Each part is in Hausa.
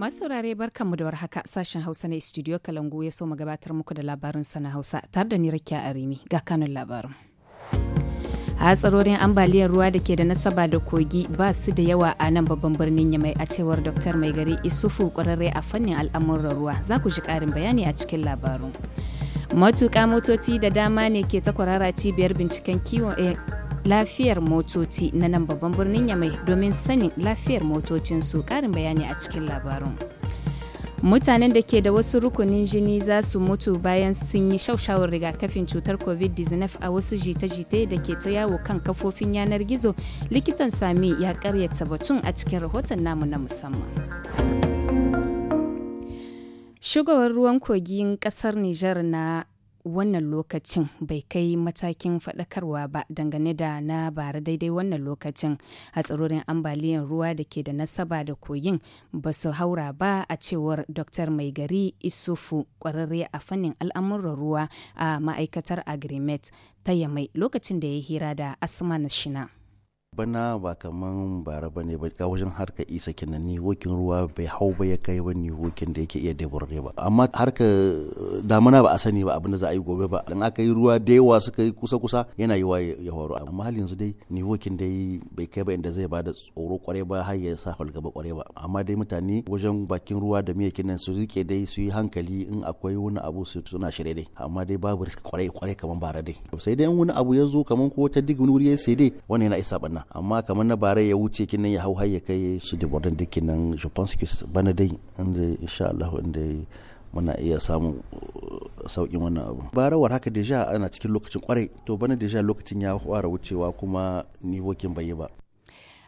Masu saurare barkanmu da warhaka sashen Hausa na Studio Kalangu ya so gabatar muku da labarin sana Hausa tare da ni Rakiya Arimi ga kanun labarin. tsarorin ambaliyar ruwa da ke da nasaba da kogi ba su da yawa a nan babban birnin mai a cewar dr mai gari isufu kwararre a fannin al'amuran ruwa za ku ji karin bayani a cikin labarun matuƙa motoci da dama ne ke ta kwarara cibiyar binciken kiwon eh, lafiyar motoci na nan babban birnin Yamai domin sanin lafiyar motocin su karin bayani a cikin labarun. mutanen da ke da wasu rukunin jini za su mutu bayan sun yi shaushawar rigakafin cutar covid-19 a wasu jita-jita da ke ta yawo kan kafofin yanar gizo likitan sami ya karyata batun a cikin rahoton namu na musamman shugawar ruwan kogin kasar Nijar na wannan lokacin bai kai matakin faɗakarwa ba dangane da na bara daidai wannan lokacin a hatsarorin ambaliyar ruwa da ke da nasaba da koyin ba su haura ba a cewar dr Maigari isufu kwararre a fannin al'amuran ruwa a ma'aikatar agrimet ta yamai lokacin da ya hira da asma na shina bana ba kaman bara ba ne ba wajen harka isa kenan ni wokin ruwa bai hau ba ya kai ba ni wokin da yake iya daburare ba amma harka eh, damana ba a sani ba abin da za a yi gobe ba dan aka yi ruwa da yawa suka yi kusa kusa yana yi yiwa ya horo amma halin yanzu dai ni wokin dai bai kai ba inda zai ba da tsoro kware ba har ya sa gaba kware ba amma dai mutane wajen bakin ruwa da miya kenan su rike dai su yi hankali in akwai wani abu su suna shirye dai amma dai babu riska kware kware kaman bara dai sai dai in wani abu ya zo kaman ko ta dig wuri sai dai wannan yana isa ba amma kamar na bare ya wuce kinan ya hau har ya kai su da bordan da kinan je pense que bana dai inda insha Allah inda muna iya samu uh, saukin wannan abu barawar haka deja ana cikin lokacin kwarai to bana deja lokacin ya fara wucewa kuma ni bai yi ba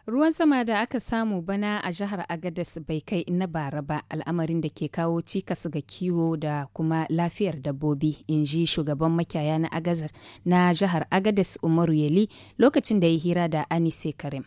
Ruwan sama da aka samu bana a jihar Agadez bai kai na bara ba al'amarin da ke kawo cikas ga kiwo da kuma lafiyar dabbobi, in ji shugaban makiyaya na jihar Agadez Umaru Yeli lokacin da ya hira da Anise Karim.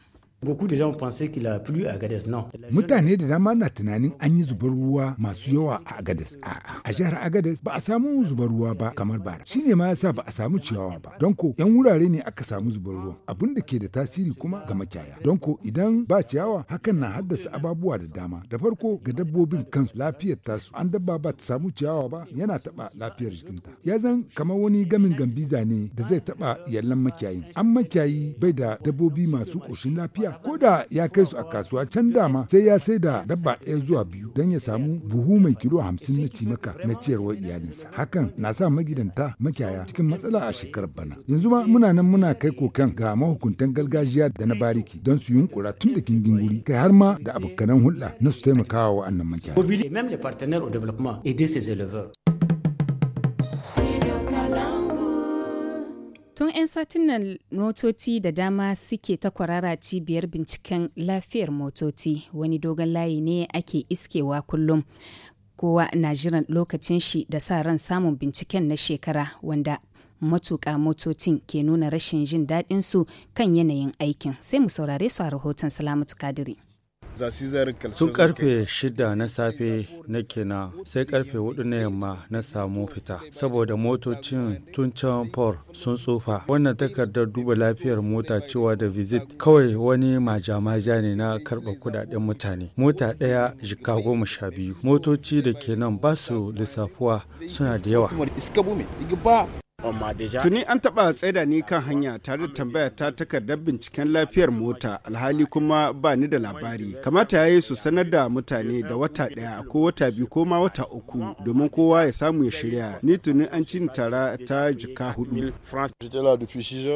Mutane da dama na tunanin an yi zubar ruwa masu yawa a Agades a'a. A jihar Agades ba a samu zubar ruwa ba kamar bara. Shi ne ma yasa ba a samu ciyawa ba. Don ko yan wurare ne aka samu zubar ruwa. Abin da ke da tasiri kuma ga makiyaya. Don ko idan ba ciyawa hakan na haddasa ababuwa da dama. Da farko ga dabbobin kansu lafiyar tasu. An dabba ba ta samu ciyawa ba yana taɓa lafiyar jikinta. Ya zan kamar wani gamin gambiza ne da zai taɓa yallan makiyayi. An makiyayi bai da dabbobi masu ƙoshin lafiya tafiya ko da ya kai su a kasuwa can dama sai ya sai da dabba ɗaya zuwa biyu don ya samu buhu mai kilo hamsin na cimaka na ciyarwar iyalinsa hakan na sa magidanta makiyaya cikin matsala a shekarar bana yanzu ma muna nan muna kai kokan ga mahukuntan gargajiya da na bariki don su yunkura tun da kingin guri kai har ma da abokanan hulɗa na su taimakawa wa'annan makiyaya. Tun 'yan satin nan motoci da dama suke ta kwarara cibiyar binciken lafiyar motoci wani dogon layi ne ake iskewa kullum. Kowa na jiran lokacin shi da sa ran samun binciken na shekara wanda matuƙa motocin ke nuna rashin jin daɗinsu kan yanayin aikin sai mu saurare su a rahoton Salamatu Kadiri. Tun karfe shida na safe na kina sai karfe hudu na yamma na samu fita saboda motocin tun can por sun tsufa. Wannan takardar duba lafiyar mota cewa da visit kawai wani majamaja ne na karɓa kudaden mutane. Mota ɗaya jika goma sha biyu. Motoci da ke nan ba su lissafuwa suna da yawa. Tuni an taɓa tsaida ni kan hanya tare da tambaya ta takardar binciken lafiyar mota alhali kuma ba ni da labari. Kamata ya yi su sanar da mutane da wata ɗaya ko wata biyu ko ma wata uku domin kowa ya samu ya shirya. Ni tuni an cin tara ta jika hudu.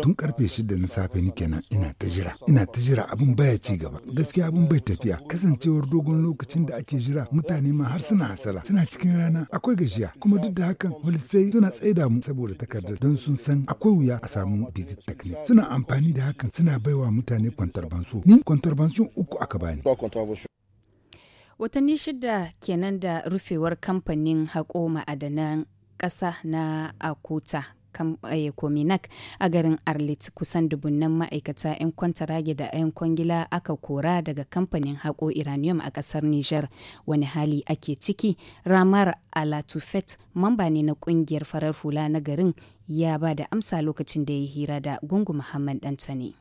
Tun karfe shida na safe ni kenan ina ta jira. Ina ta jira abin baya ci gaba. Gaskiya abin bai tafiya. Kasancewar dogon lokacin da ake jira mutane ma har suna hasala. Suna cikin rana akwai gajiya kuma duk da hakan sai. suna tsaida mu saboda takardar. takardar don sun san akwai wuya a samu basic technique suna amfani da hakan suna baiwa mutane kwantarbansu ni kwantarbansu uku aka bani watanni shida kenan da rufewar kamfanin haƙo ma'adanan ƙasa na akuta Eh, kominak a garin arlit kusan dubunnan ma'aikata 'yan kwantarage da 'yan kwangila aka kora daga kamfanin haƙo iranium a ƙasar niger wani hali ake ciki ramar alatufet mamba ne na ƙungiyar farar hula na garin ya ba da amsa lokacin da ya hira da gungu muhammad ne.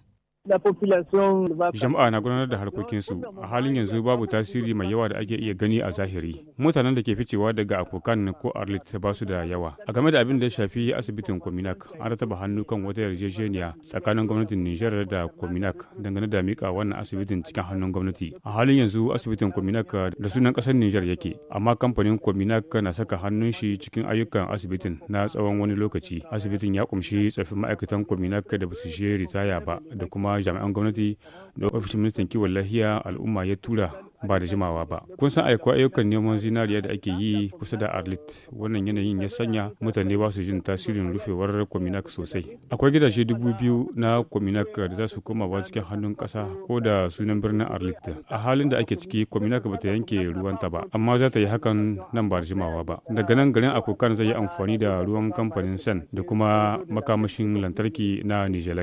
Jama'a na gudanar da harkokinsu a halin yanzu babu tasiri mai yawa da ake iya gani a zahiri. Mutanen da ke ficewa daga Akokan ko Arlit ba su da yawa. A game da abin da ya shafi asibitin Kominak, an taba hannu kan wata yarjejeniya tsakanin gwamnatin Nijar da Kominak dangane da mika wannan asibitin cikin hannun gwamnati. A halin yanzu asibitin Kominak da sunan kasar Nijar yake, amma kamfanin Kominak na saka hannun shi cikin ayyukan asibitin na tsawon wani lokaci. Asibitin ya kumshi tsafin ma'aikatan Kominak da basu su ritaya ba da kuma jami'an gwamnati da ofishin ministan kiwon lafiya al'umma ya tura ba da jimawa ba kun san aikuwa ayyukan neman zinariya da ake yi kusa da arlit wannan yanayin ya sanya mutane ba su jin tasirin rufewar kwaminak sosai akwai gidaje dubu biyu na kwaminak da za su koma ba cikin hannun kasa ko da sunan birnin arlit a halin da ake ciki kwaminak ba ta yanke ruwanta ba amma za ta yi hakan nan ba da jimawa ba daga nan garin akokan zai yi amfani da ruwan kamfanin sen da kuma makamashin lantarki na nijelek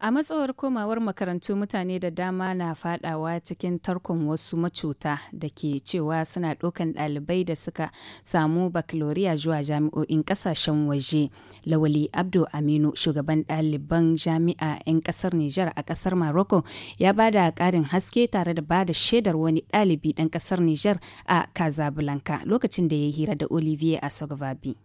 A matsawar komawar makarantu mutane da dama na fadawa cikin tarkon wasu macuta da ke cewa suna ɗaukan ɗalibai da suka samu bakaloriya zuwa jami'o'in ƙasashen waje. Lawali Abdo Aminu shugaban ɗaliban jami'a 'yan ƙasar Nijar a ƙasar Maroko ya ba da ƙarin haske tare da ba da shaidar wani ɗalibi ɗan ƙasar Nijar a Casablanca lokacin da ya hira da Olivier Asogbabi.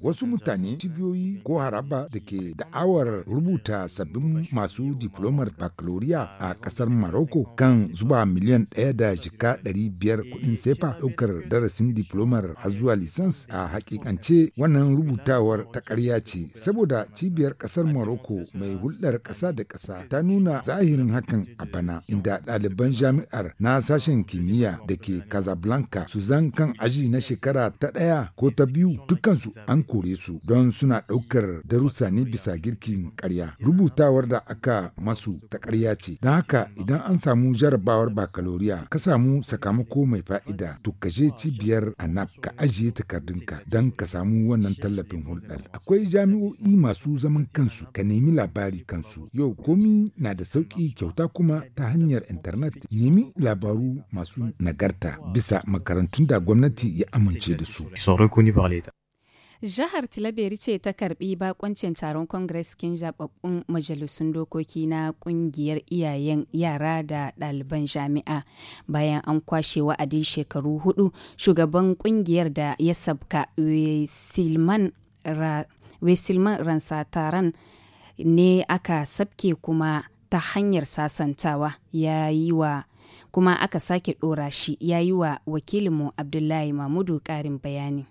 Wasu mutane cibiyoyi ko haraba da ke da'awar rubuta sabbin masu diplomar baccalaureate a kasar Morocco kan zuba miliyan ɗaya da jika ɗari biyar kuɗin sefa ɗaukar darasin diplomar har zuwa lisans a hakikance wannan rubutawar ta ƙarya ce saboda cibiyar kasar Morocco mai hulɗar ƙasa da ƙasa ta nuna zahirin hakan a bana inda ɗaliban jami'ar na sashen kimiyya da ke Casablanca su zan kan aji na shekara ta ɗaya ko ta biyu duk kansu an kore su don suna ɗaukar darussa ne bisa girkin ƙarya. Rubutawar da aka masu ta karya ce. Don haka idan an samu jarabawar bakaloriya ka samu sakamako mai fa'ida to ka je cibiyar ANAP ka ajiye takardunka don ka samu wannan tallafin hulɗar. Akwai jami'o'i masu zaman kansu ka nemi labari kansu. Yau komi na da sauƙi kyauta kuma ta hanyar intanet nemi labaru masu nagarta bisa makarantun da gwamnati ya amince da su. Jihar Tilaberi ce ta karbi bakoncin taron Congress kin zababbun majalisun dokoki na kungiyar iyayen yara da ɗaliban jami'a. Bayan an kwashe wa'adin shekaru hudu, shugaban kungiyar da ya sabka Wesilman Ransataran ne aka sabke kuma ta hanyar sasantawa ya yi wa kuma aka sake ɗora shi ya yi wa wakilinmu Abdullahi Mamudu ƙarin bayani.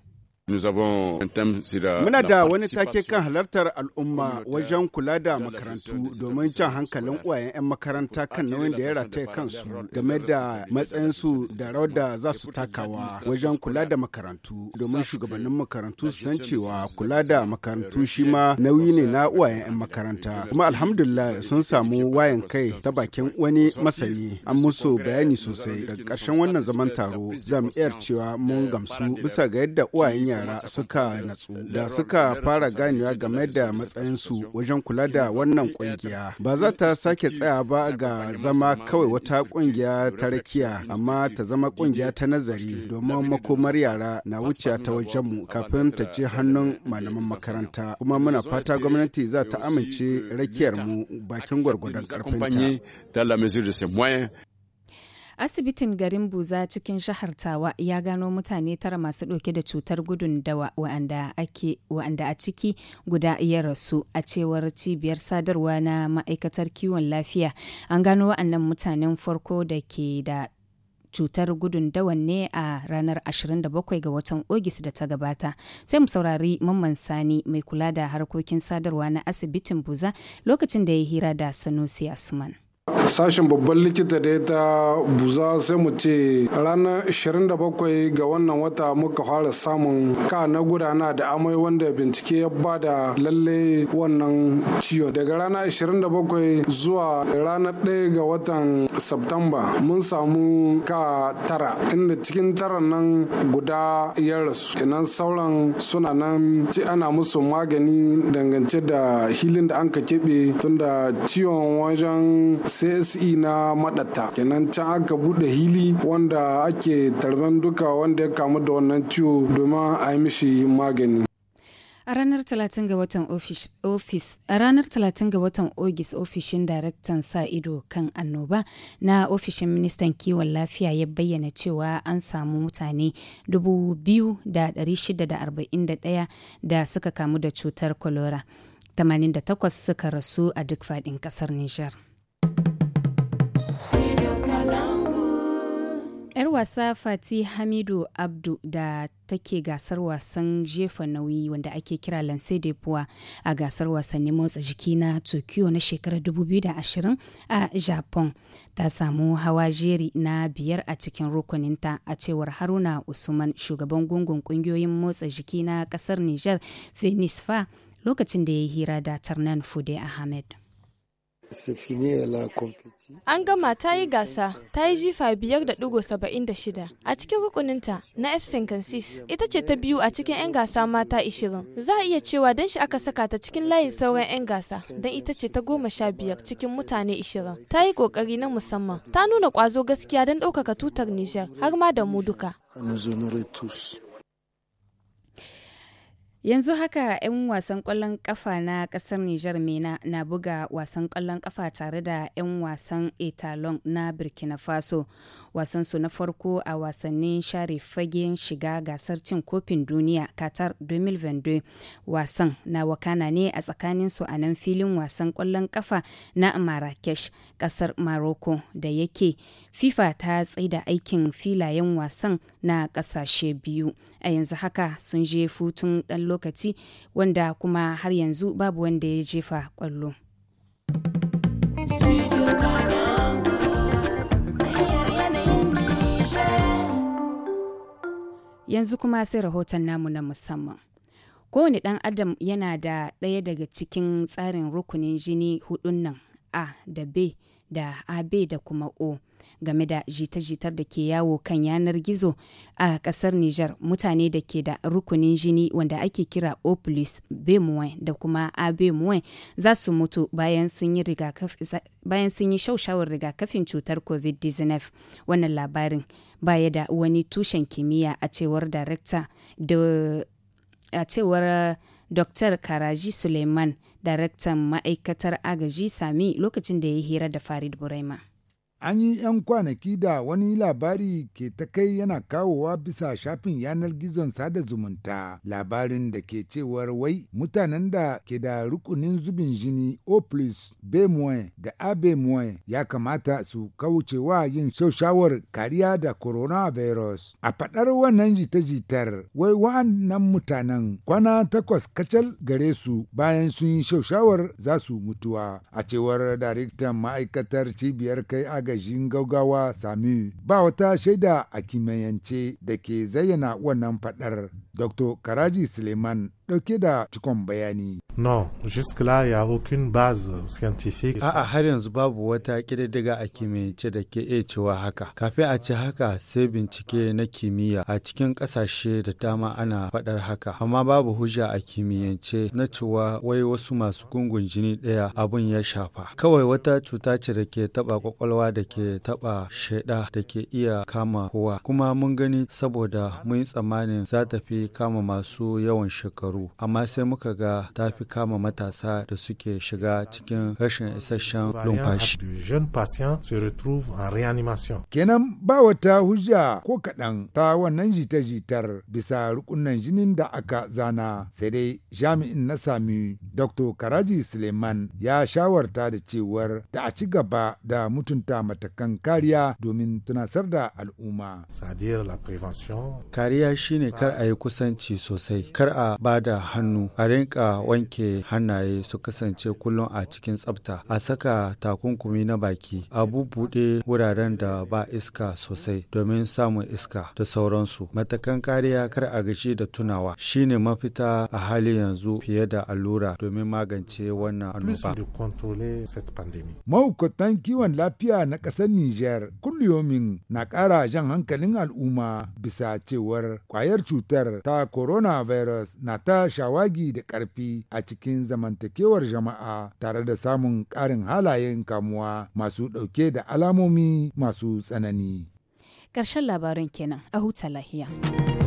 Muna da wani take kan halartar al'umma wajen kula da makarantu domin jan hankalin uwayen 'yan makaranta kan nauyin da ya rataya kansu game da matsayinsu da rawar da za su takawa wajen kula da makarantu domin shugabannin makarantu su san cewa kula da makarantu shi ma nauyi ne na uwayen 'yan makaranta. Kuma alhamdulillah sun samu wayan kai ta bakin wani masani an musu bayani sosai daga ƙarshen wannan zaman taro za iya cewa mun gamsu bisa ga yadda uwayen yara suka natsu da suka fara ganewa game da matsayinsu wajen kula da wannan kungiya. Ba za ta sake tsaya ba ga zama kawai wata kungiya ta rakiya amma ta zama kungiya ta nazari domin makomar yara na wuce ta wajenmu kafin ta ce hannun malaman makaranta kuma muna fata gwamnati za ta amince rakiyar mu bakin gwargwadon karfinta. Asibitin garin Buza cikin shahar Tawa ya gano mutane tara masu ɗauke da cutar gudun dawa wa'anda a ciki guda ya rasu a cewar cibiyar sadarwa na ma'aikatar kiwon lafiya. An gano wa'annan mutanen farko da ke da cutar gudun dawa ne a ranar 27 ga watan ogis da ta gabata sai mu saurari mamman sani mai kula da harkokin sadarwa na asibitin buza lokacin da ya hira da sanusi asman. sashen babban likita da ta buza sai mu ce ranar 27 ga wannan wata muka fara samun ka na gudana da amai wanda bincike ya bada lalle wannan ciwon daga rana 27 zuwa ranar 1 ga watan september mun samu ka tara inda cikin tara nan guda ya rasu inan sauran suna nan ci ana musu magani dangance da hilin da an ka keɓe tunda ciwon wajen CSE na madatta kenan can aka bude hili wanda ake tarban duka wanda ya kamu da wannan ciwo domin a yi mishi magani A ranar 30 ga watan Ogis ofishin daraktan sa ido kan annoba na ofishin ministan kiwon lafiya ya bayyana cewa an samu mutane 2,641 da suka kamu da cutar kolora 88 suka rasu a duk faɗin ƙasar Nijar. 'Yar wasa Fati Hamidu Abdu da take gasar wasan jefa nauyi wanda ake kira Lance de a gasar wasannin motsa jiki na Tokyo na shekarar 2020 a Japan. Ta samu hawa jeri na biyar a cikin rukuninta a cewar Haruna Usman shugaban gungun kungiyoyin motsa jiki na kasar Nijar Fenisfa lokacin da ya yi hira da Tarnan Fude Ahmed. An gama ta yi gasa, ta yi jifa biyar da ɗigo saba'in da shida. A cikin rukuninta na F. Sinkansis, ita ce ta biyu a cikin 'yan gasa mata ishirin. Za a iya cewa don shi aka saka ta cikin layin sauran 'yan gasa, don ita ce ta goma sha biyar cikin mutane ishirin. Ta yi ƙoƙari na musamman. Ta nuna ƙwazo gaskiya don ɗaukaka tutar Nijar, har ma da mu duka. Yanzu haka 'yan wasan ƙwallon ƙafa na ƙasar Nijar Mena na buga wasan kwallon ƙafa tare da 'yan wasan Etalon na Burkina Faso. Wasansu na farko a wasannin share fagen shiga gasar cin kofin duniya Qatar 2022. Wasan na wakana ne a tsakanin su a nan filin wasan kwallon ƙafa na Marrakesh, ƙasar Morocco da yake FIFA ta tsaida aikin filayen wasan na ƙasashe biyu. a yanzu haka sun je futun ɗan lokaci wanda kuma har yanzu babu wanda ya jefa kwallo. yanzu kuma sai rahoton namu na musamman kowane ɗan adam yana da ɗaya daga cikin tsarin rukunin jini hudun nan a da b da AB da kuma O. Game da jita-jitar da ke yawo kan yanar gizo a ƙasar Nijar mutane da ke da rukunin jini wanda ake kira O plus B da kuma AB za su mutu bayan sun yi shaushawar rigakafin cutar COVID-19. Wannan labarin baya da wani tushen kimiyya a cewar director da a cewar Dr. Karaji Suleiman daraktan ma'aikatar agaji sami lokacin da ya hira da farid buraima An yi 'yan kwanaki da wani labari ke ta kai yana kawowa bisa shafin yanar gizon sada zumunta labarin da ke cewar wai mutanen da ke da rukunin zubin jini O+, B- da AB- ya kamata su kaucewa yin shaushawar kariya da coronavirus. A faɗar wannan jita-jitar wai wa'annan mutanen kwana takwas kacal gare su bayan sun yi shaushawar za su mutuwa. A cewar daraktan ma'aikatar cibiyar kai agajin gaugawa sami ba wata shaida a kimiyyance da ke zayyana wannan faɗar. Dr. Karaji Suleiman ɗauke da cikon bayani. No, jusque-là ya aucune base scientifique. A'a har yanzu babu wata ƙididdiga a kimiyyance da ke iya cewa haka. Kafin a ce haka sai bincike na kimiyya a cikin ƙasashe da dama ana faɗar haka. Amma babu hujja a kimiyyance na cewa wai wasu masu gungun jini ɗaya abun ya shafa. Kawai wata cuta ce da ke taɓa ƙwaƙwalwa da ke taɓa shaiɗa da ke iya kama kowa. Kuma mun gani saboda mun yi tsammanin za ta fi kama masu yawan shekaru amma sai muka ga ta fi kama matasa da suke shiga cikin rashin isasshen lumfashi kenan ba wata hujja ko kaɗan ta wannan jita-jitar bisa rukunan jinin da aka zana sai dai jami'in na sami dr karaji suleiman ya shawarta da cewar da a ci gaba da mutunta matakan kariya domin tunasar da al'umma kariya shine kar a yi kusa kusanci sosai kar a ba da hannu a rinka wanke hannaye su kasance kullum a cikin tsafta a saka takunkumi na baki a bubuɗe wuraren da ba iska sosai domin samun iska da sauransu matakan kariya kar a gashi da tunawa shine mafita a hali yanzu fiye da allura domin magance wannan annoba mahukuntan kiwon lafiya na ƙasar niger kulliyomin na ƙara jan hankalin al'umma bisa cewar kwayar cutar ta coronavirus na ta shawagi da ƙarfi a cikin zamantakewar jama'a tare da samun ƙarin halayen kamuwa masu ɗauke da alamomi masu tsanani. Ƙarshen labarin kenan a huta lahiya.